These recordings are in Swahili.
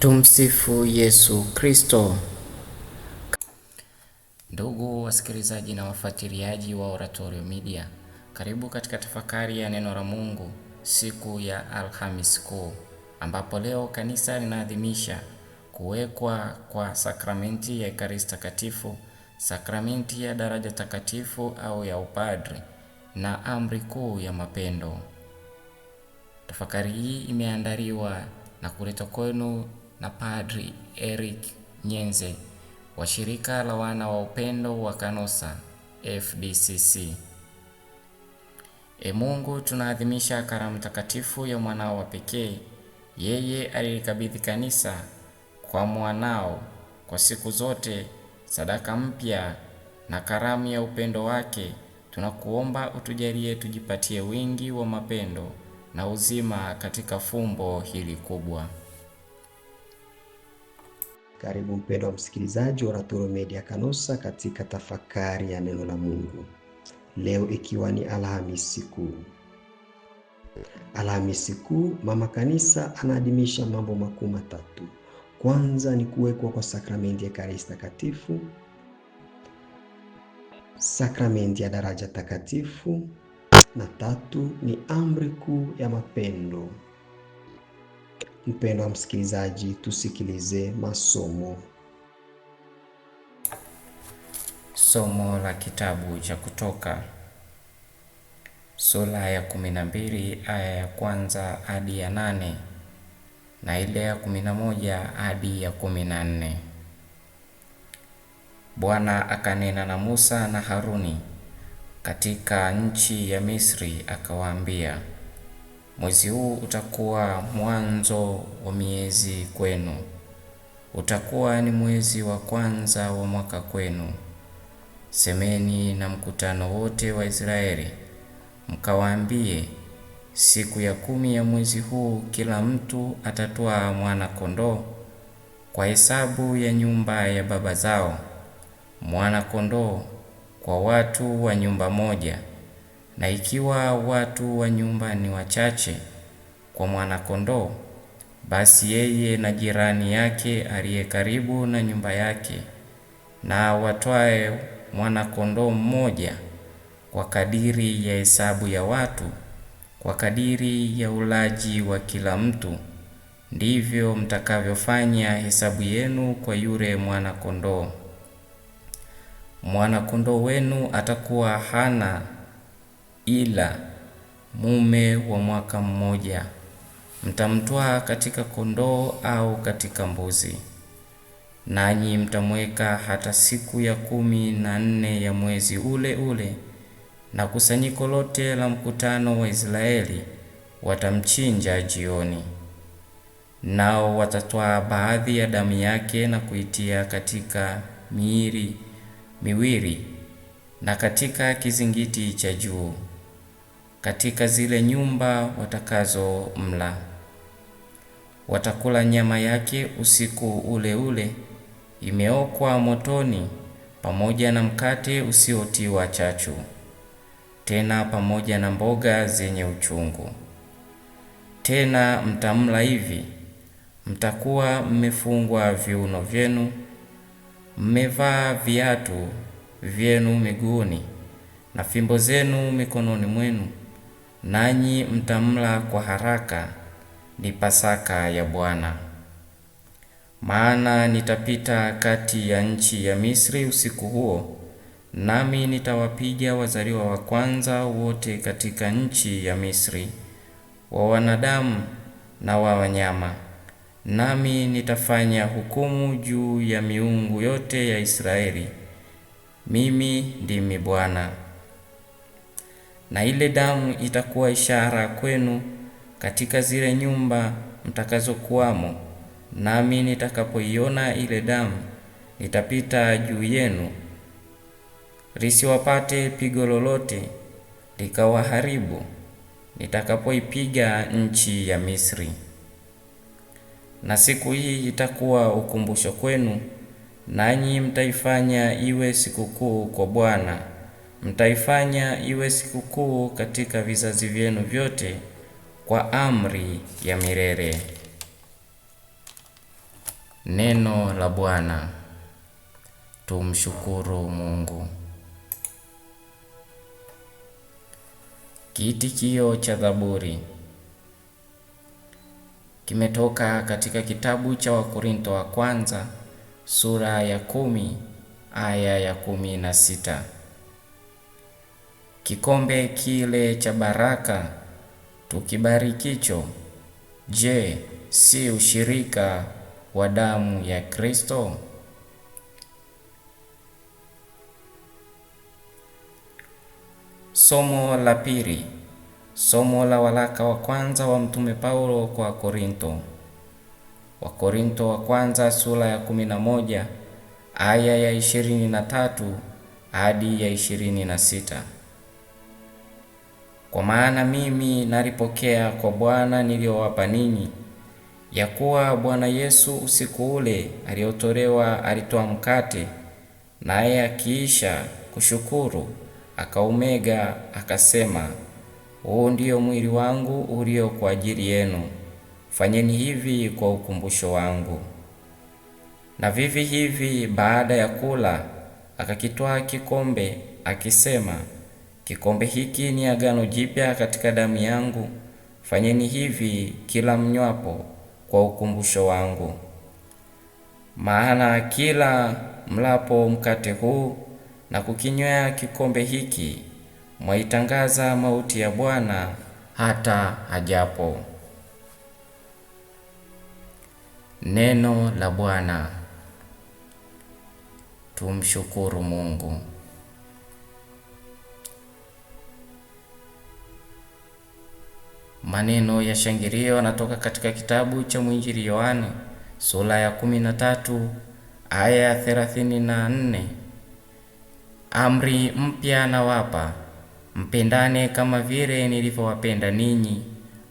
Tumsifu Yesu Kristo. Ndugu wasikilizaji na wafuatiliaji wa Oratorio Media, karibu katika tafakari ya neno la Mungu siku ya Alhamis Kuu, ambapo leo kanisa linaadhimisha kuwekwa kwa sakramenti ya Ekaristi Takatifu, sakramenti ya daraja takatifu au ya upadri na amri kuu ya mapendo. Tafakari hii imeandaliwa na kuletwa kwenu na Padri Eric Nyenze wa shirika la wana wa upendo wa Kanosa FDCC. E Mungu, tunaadhimisha karamu takatifu ya mwanao wa pekee, yeye alilikabidhi kanisa kwa mwanao kwa siku zote, sadaka mpya na karamu ya upendo wake. Tunakuomba utujalie tujipatie wingi wa mapendo na uzima katika fumbo hili kubwa. Karibu wa msikilizaji wa Raturo Media Kanosa katika tafakari ya neno la Mungu leo, ikiwa ni Alhamisi Kuu. Alhamisi Kuu, Mama Kanisa anaadhimisha mambo makuu matatu. Kwanza ni kuwekwa kwa sakramenti ya Ekaristi Takatifu, sakramenti ya daraja takatifu, na tatu ni amri kuu ya mapendo wa msikilizaji, tusikilize masomo. Somo la kitabu cha Kutoka sura ya kumi na mbili aya ya kwanza hadi ya nane na ile ya kumi na moja hadi ya kumi na nne. Bwana akanena na Musa na Haruni katika nchi ya Misri, akawaambia Mwezi huu utakuwa mwanzo wa miezi kwenu, utakuwa ni mwezi wa kwanza wa mwaka kwenu. Semeni na mkutano wote wa Israeli mkawaambie, siku ya kumi ya mwezi huu kila mtu atatwaa mwana kondoo kwa hesabu ya nyumba ya baba zao, mwana kondoo kwa watu wa nyumba moja na ikiwa watu wa nyumba ni wachache kwa mwanakondoo, basi yeye na jirani yake aliye karibu na nyumba yake na watwae mwanakondoo mmoja kwa kadiri ya hesabu ya watu, kwa kadiri ya ulaji wa kila mtu, ndivyo mtakavyofanya hesabu yenu kwa yule mwanakondoo. Mwanakondoo wenu atakuwa hana ila mume wa mwaka mmoja mtamtwaa katika kondoo au katika mbuzi, nanyi mtamweka hata siku ya kumi na nne ya mwezi ule ule, na kusanyiko lote la mkutano wa Israeli watamchinja jioni. Nao watatwaa baadhi ya damu yake na kuitia katika miili miwili na katika kizingiti cha juu katika zile nyumba watakazo mla. Watakula nyama yake usiku ule ule, imeokwa motoni, pamoja na mkate usiotiwa chachu, tena pamoja na mboga zenye uchungu. Tena mtamla hivi, mtakuwa mmefungwa viuno vyenu, mmevaa viatu vyenu miguuni, na fimbo zenu mikononi mwenu nanyi mtamla kwa haraka, ni Pasaka ya Bwana. Maana nitapita kati ya nchi ya Misri usiku huo, nami nitawapiga wazaliwa wa kwanza wote katika nchi ya Misri, wa wanadamu na wa wanyama, nami nitafanya hukumu juu ya miungu yote ya Israeli. Mimi ndimi Bwana na ile damu itakuwa ishara kwenu katika zile nyumba mtakazokuwamo, nami nitakapoiona ile damu nitapita juu yenu, lisiwapate pigo lolote likawaharibu, nitakapoipiga nchi ya Misri. Na siku hii itakuwa ukumbusho kwenu, nanyi mtaifanya iwe sikukuu kwa Bwana mtaifanya iwe sikukuu katika vizazi vyenu vyote kwa amri ya milele. Neno la Bwana. Tumshukuru Mungu. Kiitikio cha Zaburi kimetoka katika kitabu cha Wakorinto wa kwanza sura ya kumi aya ya kumi na sita kikombe kile cha baraka tukibarikicho, je, si ushirika wa damu ya Kristo? Somo la pili. Somo la walaka wa kwanza wa Mtume Paulo kwa Korinto. Wakorinto wa kwanza sura ya 11 aya ya 23 hadi ya 26. Kwa maana mimi nalipokea kwa Bwana niliyowapa ninyi, ya kuwa Bwana Yesu usiku ule aliyotolewa alitoa mkate, naye akiisha kushukuru akaumega, akasema, huu ndiyo mwili wangu ulio kwa ajili yenu, fanyeni hivi kwa ukumbusho wangu. Na vivi hivi baada ya kula akakitwaa kikombe akisema Kikombe hiki ni agano jipya katika damu yangu, fanyeni hivi kila mnywapo kwa ukumbusho wangu. Maana kila mlapo mkate huu na kukinywea kikombe hiki, mwaitangaza mauti ya Bwana hata ajapo. Neno la Bwana. Tumshukuru Mungu. Maneno ya shangilio yanatoka katika kitabu cha mwinjili Yohane sura ya 13 aya ya 34: amri mpya nawapa, mpendane kama vile nilivyowapenda ninyi,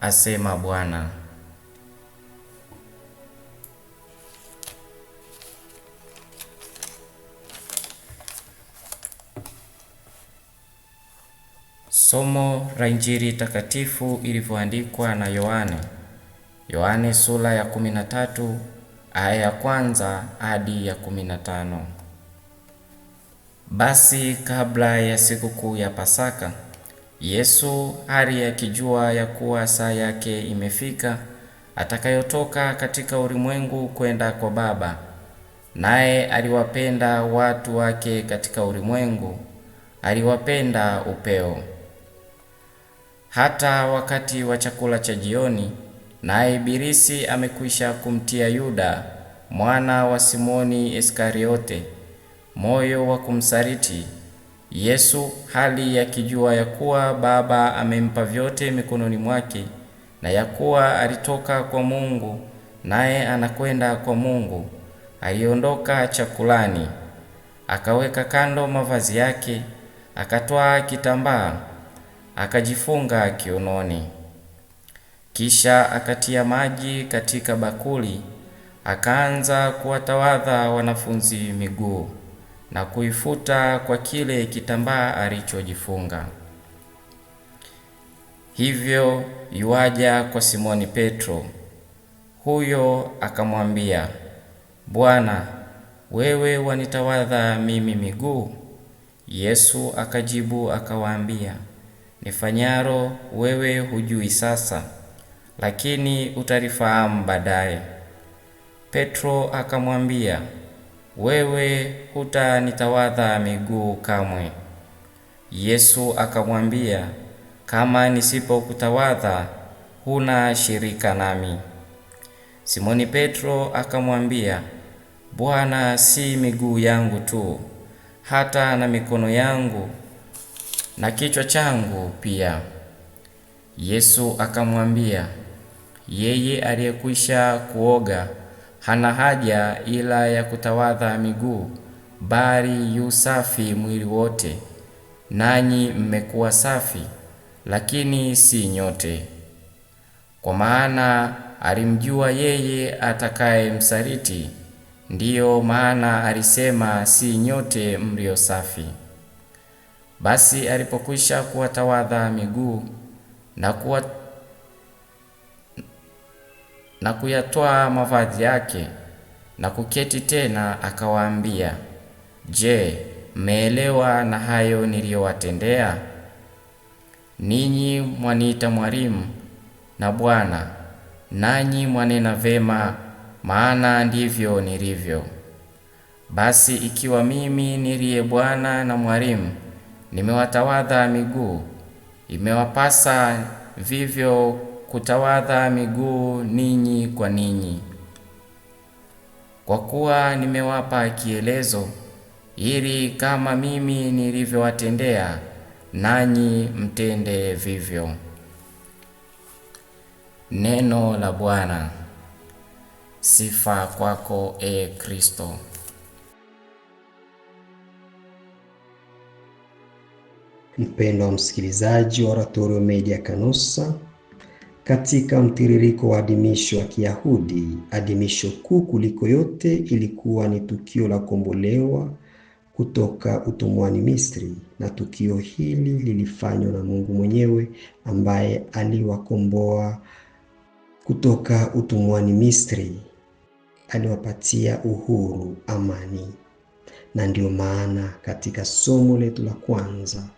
asema Bwana. Somo la Injili takatifu ilivyoandikwa na Yohane. Yohane sura ya 13 aya ya kwanza hadi ya 15. Basi kabla ya sikukuu ya Pasaka, Yesu hali akijua ya kuwa saa yake imefika atakayotoka katika ulimwengu kwenda kwa Baba, naye aliwapenda watu wake katika ulimwengu, aliwapenda upeo hata wakati wa chakula cha jioni, naye Ibilisi amekwisha kumtia Yuda mwana wa Simoni Iskariote moyo wa kumsaliti Yesu, hali yakijua ya kuwa Baba amempa vyote mikononi mwake na ya kuwa alitoka kwa Mungu naye anakwenda kwa Mungu. Aliondoka chakulani, akaweka kando mavazi yake, akatwaa kitambaa akajifunga kiunoni. Kisha akatia maji katika bakuli, akaanza kuwatawadha wanafunzi miguu na kuifuta kwa kile kitambaa alichojifunga. Hivyo yuaja kwa Simoni Petro. Huyo akamwambia, Bwana, wewe wanitawadha mimi miguu? Yesu akajibu akawaambia, Nifanyaro wewe hujui sasa, lakini utalifahamu baadaye. Petro akamwambia, wewe hutanitawadha miguu kamwe. Yesu akamwambia, kama nisipokutawadha huna shirika nami. Simoni Petro akamwambia, Bwana, si miguu yangu tu, hata na mikono yangu na kichwa changu pia. Yesu akamwambia, yeye aliyekwisha kuoga hana haja ila ya kutawadha miguu, bali yu safi mwili wote. Nanyi mmekuwa safi, lakini si nyote. Kwa maana alimjua yeye msaliti, ndiyo maana alisema si nyote mlio safi. Basi alipokwisha kuwatawadha miguu na kuwa na kuyatwaa mavazi yake na kuketi tena, akawaambia, Je, mmeelewa na hayo niliyowatendea ninyi? Mwaniita mwalimu na Bwana, nanyi mwanena vema, maana ndivyo nilivyo. Basi ikiwa mimi niliye Bwana na mwalimu nimewatawadha miguu, imewapasa vivyo kutawadha miguu ninyi kwa ninyi. Kwa kuwa nimewapa kielezo, ili kama mimi nilivyowatendea nanyi mtende vivyo. Neno la Bwana. Sifa kwako, E Kristo. Mpendo wa msikilizaji wa Oratorio Media Kanusa, katika mtiririko wa adimisho wa Kiyahudi, adimisho kuu kuliko yote ilikuwa ni tukio la kombolewa kutoka utumwani Misri, na tukio hili lilifanywa na Mungu mwenyewe ambaye aliwakomboa kutoka utumwani Misri, aliwapatia uhuru, amani. Na ndio maana katika somo letu la kwanza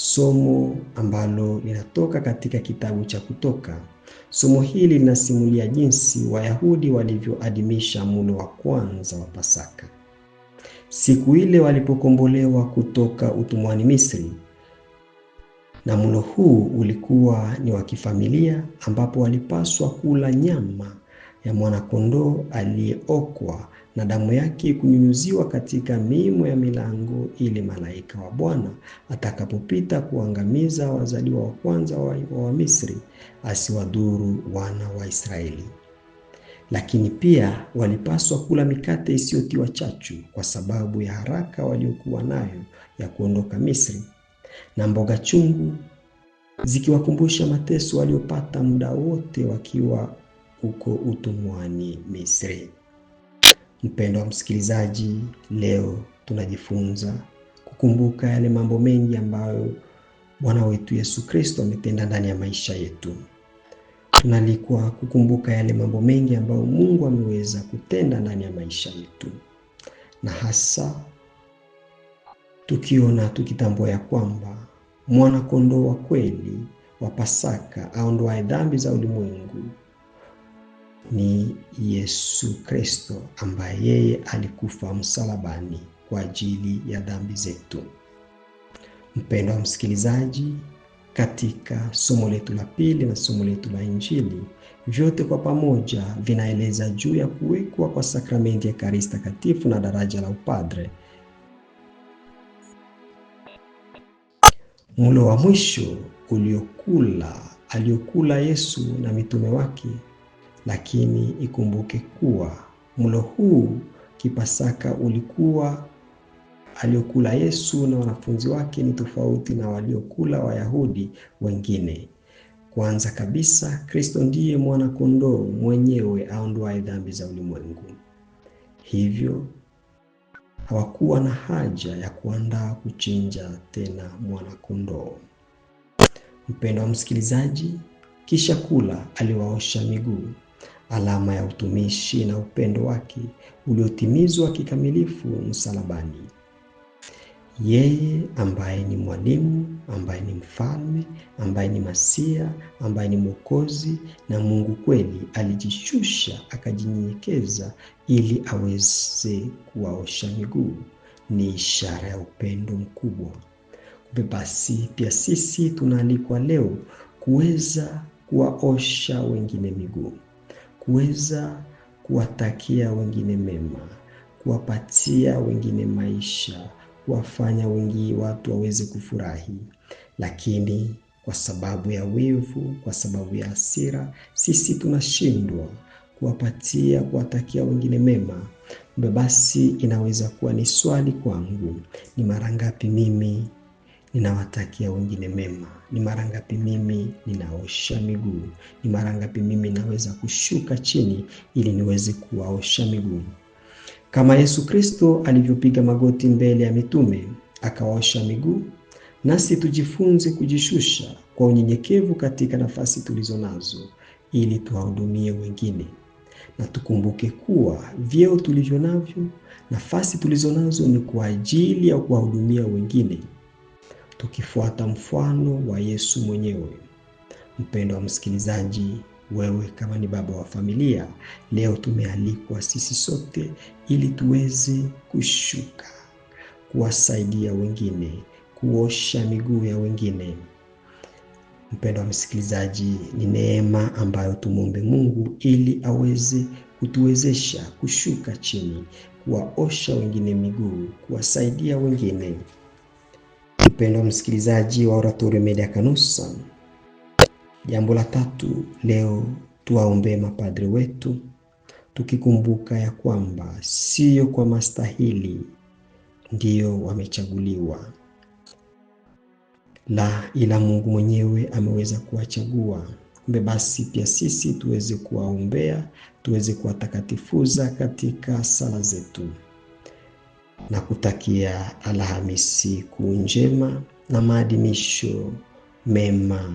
somo ambalo linatoka katika kitabu cha Kutoka. Somo hili linasimulia jinsi Wayahudi walivyoadhimisha mulo wa kwanza wa Pasaka siku ile walipokombolewa kutoka utumwani Misri, na mulo huu ulikuwa ni wa kifamilia, ambapo walipaswa kula nyama ya mwanakondoo aliyeokwa na damu yake kunyunyuziwa katika miimo ya milango, ili malaika wa Bwana atakapopita kuangamiza wazaliwa wa kwanza wa Wamisri asiwadhuru wana wa Israeli. Lakini pia walipaswa kula mikate isiyotiwa chachu kwa sababu ya haraka waliokuwa nayo ya kuondoka Misri, na mboga chungu zikiwakumbusha mateso waliopata muda wote wakiwa huko utumwani Misri mpendo wa msikilizaji, leo tunajifunza kukumbuka yale mambo mengi ambayo Bwana wetu Yesu Kristo ametenda ndani ya maisha yetu. Tunalikwa kukumbuka yale mambo mengi ambayo Mungu ameweza kutenda ndani ya maisha yetu, na hasa tukiona tukitambua ya kwamba mwana kondoo wa kweli wa Pasaka aondoaye dhambi za ulimwengu ni Yesu Kristo ambaye yeye alikufa msalabani kwa ajili ya dhambi zetu. mpendo wa msikilizaji, katika somo letu la pili na somo letu la Injili, vyote kwa pamoja vinaeleza juu ya kuwekwa kwa sakramenti ya Ekaristi Takatifu na daraja la upadre. Mlo wa mwisho uliokula aliokula Yesu na mitume wake lakini ikumbuke kuwa mlo huu kipasaka ulikuwa aliokula Yesu na wanafunzi wake ni tofauti na waliokula Wayahudi wengine. Kwanza kabisa, Kristo ndiye mwana-kondoo mwenyewe aondoaye dhambi za ulimwengu. Hivyo hawakuwa na haja ya kuandaa kuchinja tena mwana-kondoo. wa msikilizaji, kisha kula aliwaosha miguu alama ya utumishi na upendo wake uliotimizwa kikamilifu msalabani. Yeye ambaye ni mwalimu, ambaye ni mfalme, ambaye ni masia, ambaye ni mwokozi na Mungu kweli, alijishusha akajinyenyekeza ili aweze kuwaosha miguu. Ni ishara ya upendo mkubwa. Basi pia sisi tunaalikwa leo kuweza kuwaosha wengine miguu kuweza kuwatakia wengine mema, kuwapatia wengine maisha, kuwafanya wengi watu waweze kufurahi. Lakini kwa sababu ya wivu, kwa sababu ya hasira, sisi tunashindwa kuwapatia, kuwatakia wengine mema. Basi inaweza kuwa ni swali kwangu, ni mara ngapi mimi ninawatakia wengine mema? Ni mara ngapi mimi ninaosha miguu? Ni mara ngapi mimi naweza kushuka chini ili niweze kuwaosha miguu? Kama Yesu Kristo alivyopiga magoti mbele ya mitume akawaosha miguu, nasi tujifunze kujishusha kwa unyenyekevu katika nafasi tulizo nazo ili tuwahudumie wengine, na tukumbuke kuwa vyeo tulivyo navyo, nafasi tulizo nazo ni kwa ajili ya kuwahudumia wengine tukifuata mfano wa Yesu mwenyewe. Mpendo wa msikilizaji, wewe kama ni baba wa familia, leo tumealikwa sisi sote ili tuweze kushuka kuwasaidia wengine, kuosha miguu ya wengine. Mpendo wa msikilizaji, ni neema ambayo tumwombe Mungu ili aweze kutuwezesha kushuka chini, kuwaosha wengine miguu, kuwasaidia wengine. Mpendwa msikilizaji wa Oratorio Media kanusa jambo la tatu leo tuwaombee mapadri wetu, tukikumbuka ya kwamba siyo kwa mastahili ndiyo wamechaguliwa, la ila Mungu mwenyewe ameweza kuwachagua. Kumbe basi pia sisi tuweze kuwaombea, tuweze kuwatakatifuza katika sala zetu na kutakia Alhamisi kuu njema na maadhimisho mema.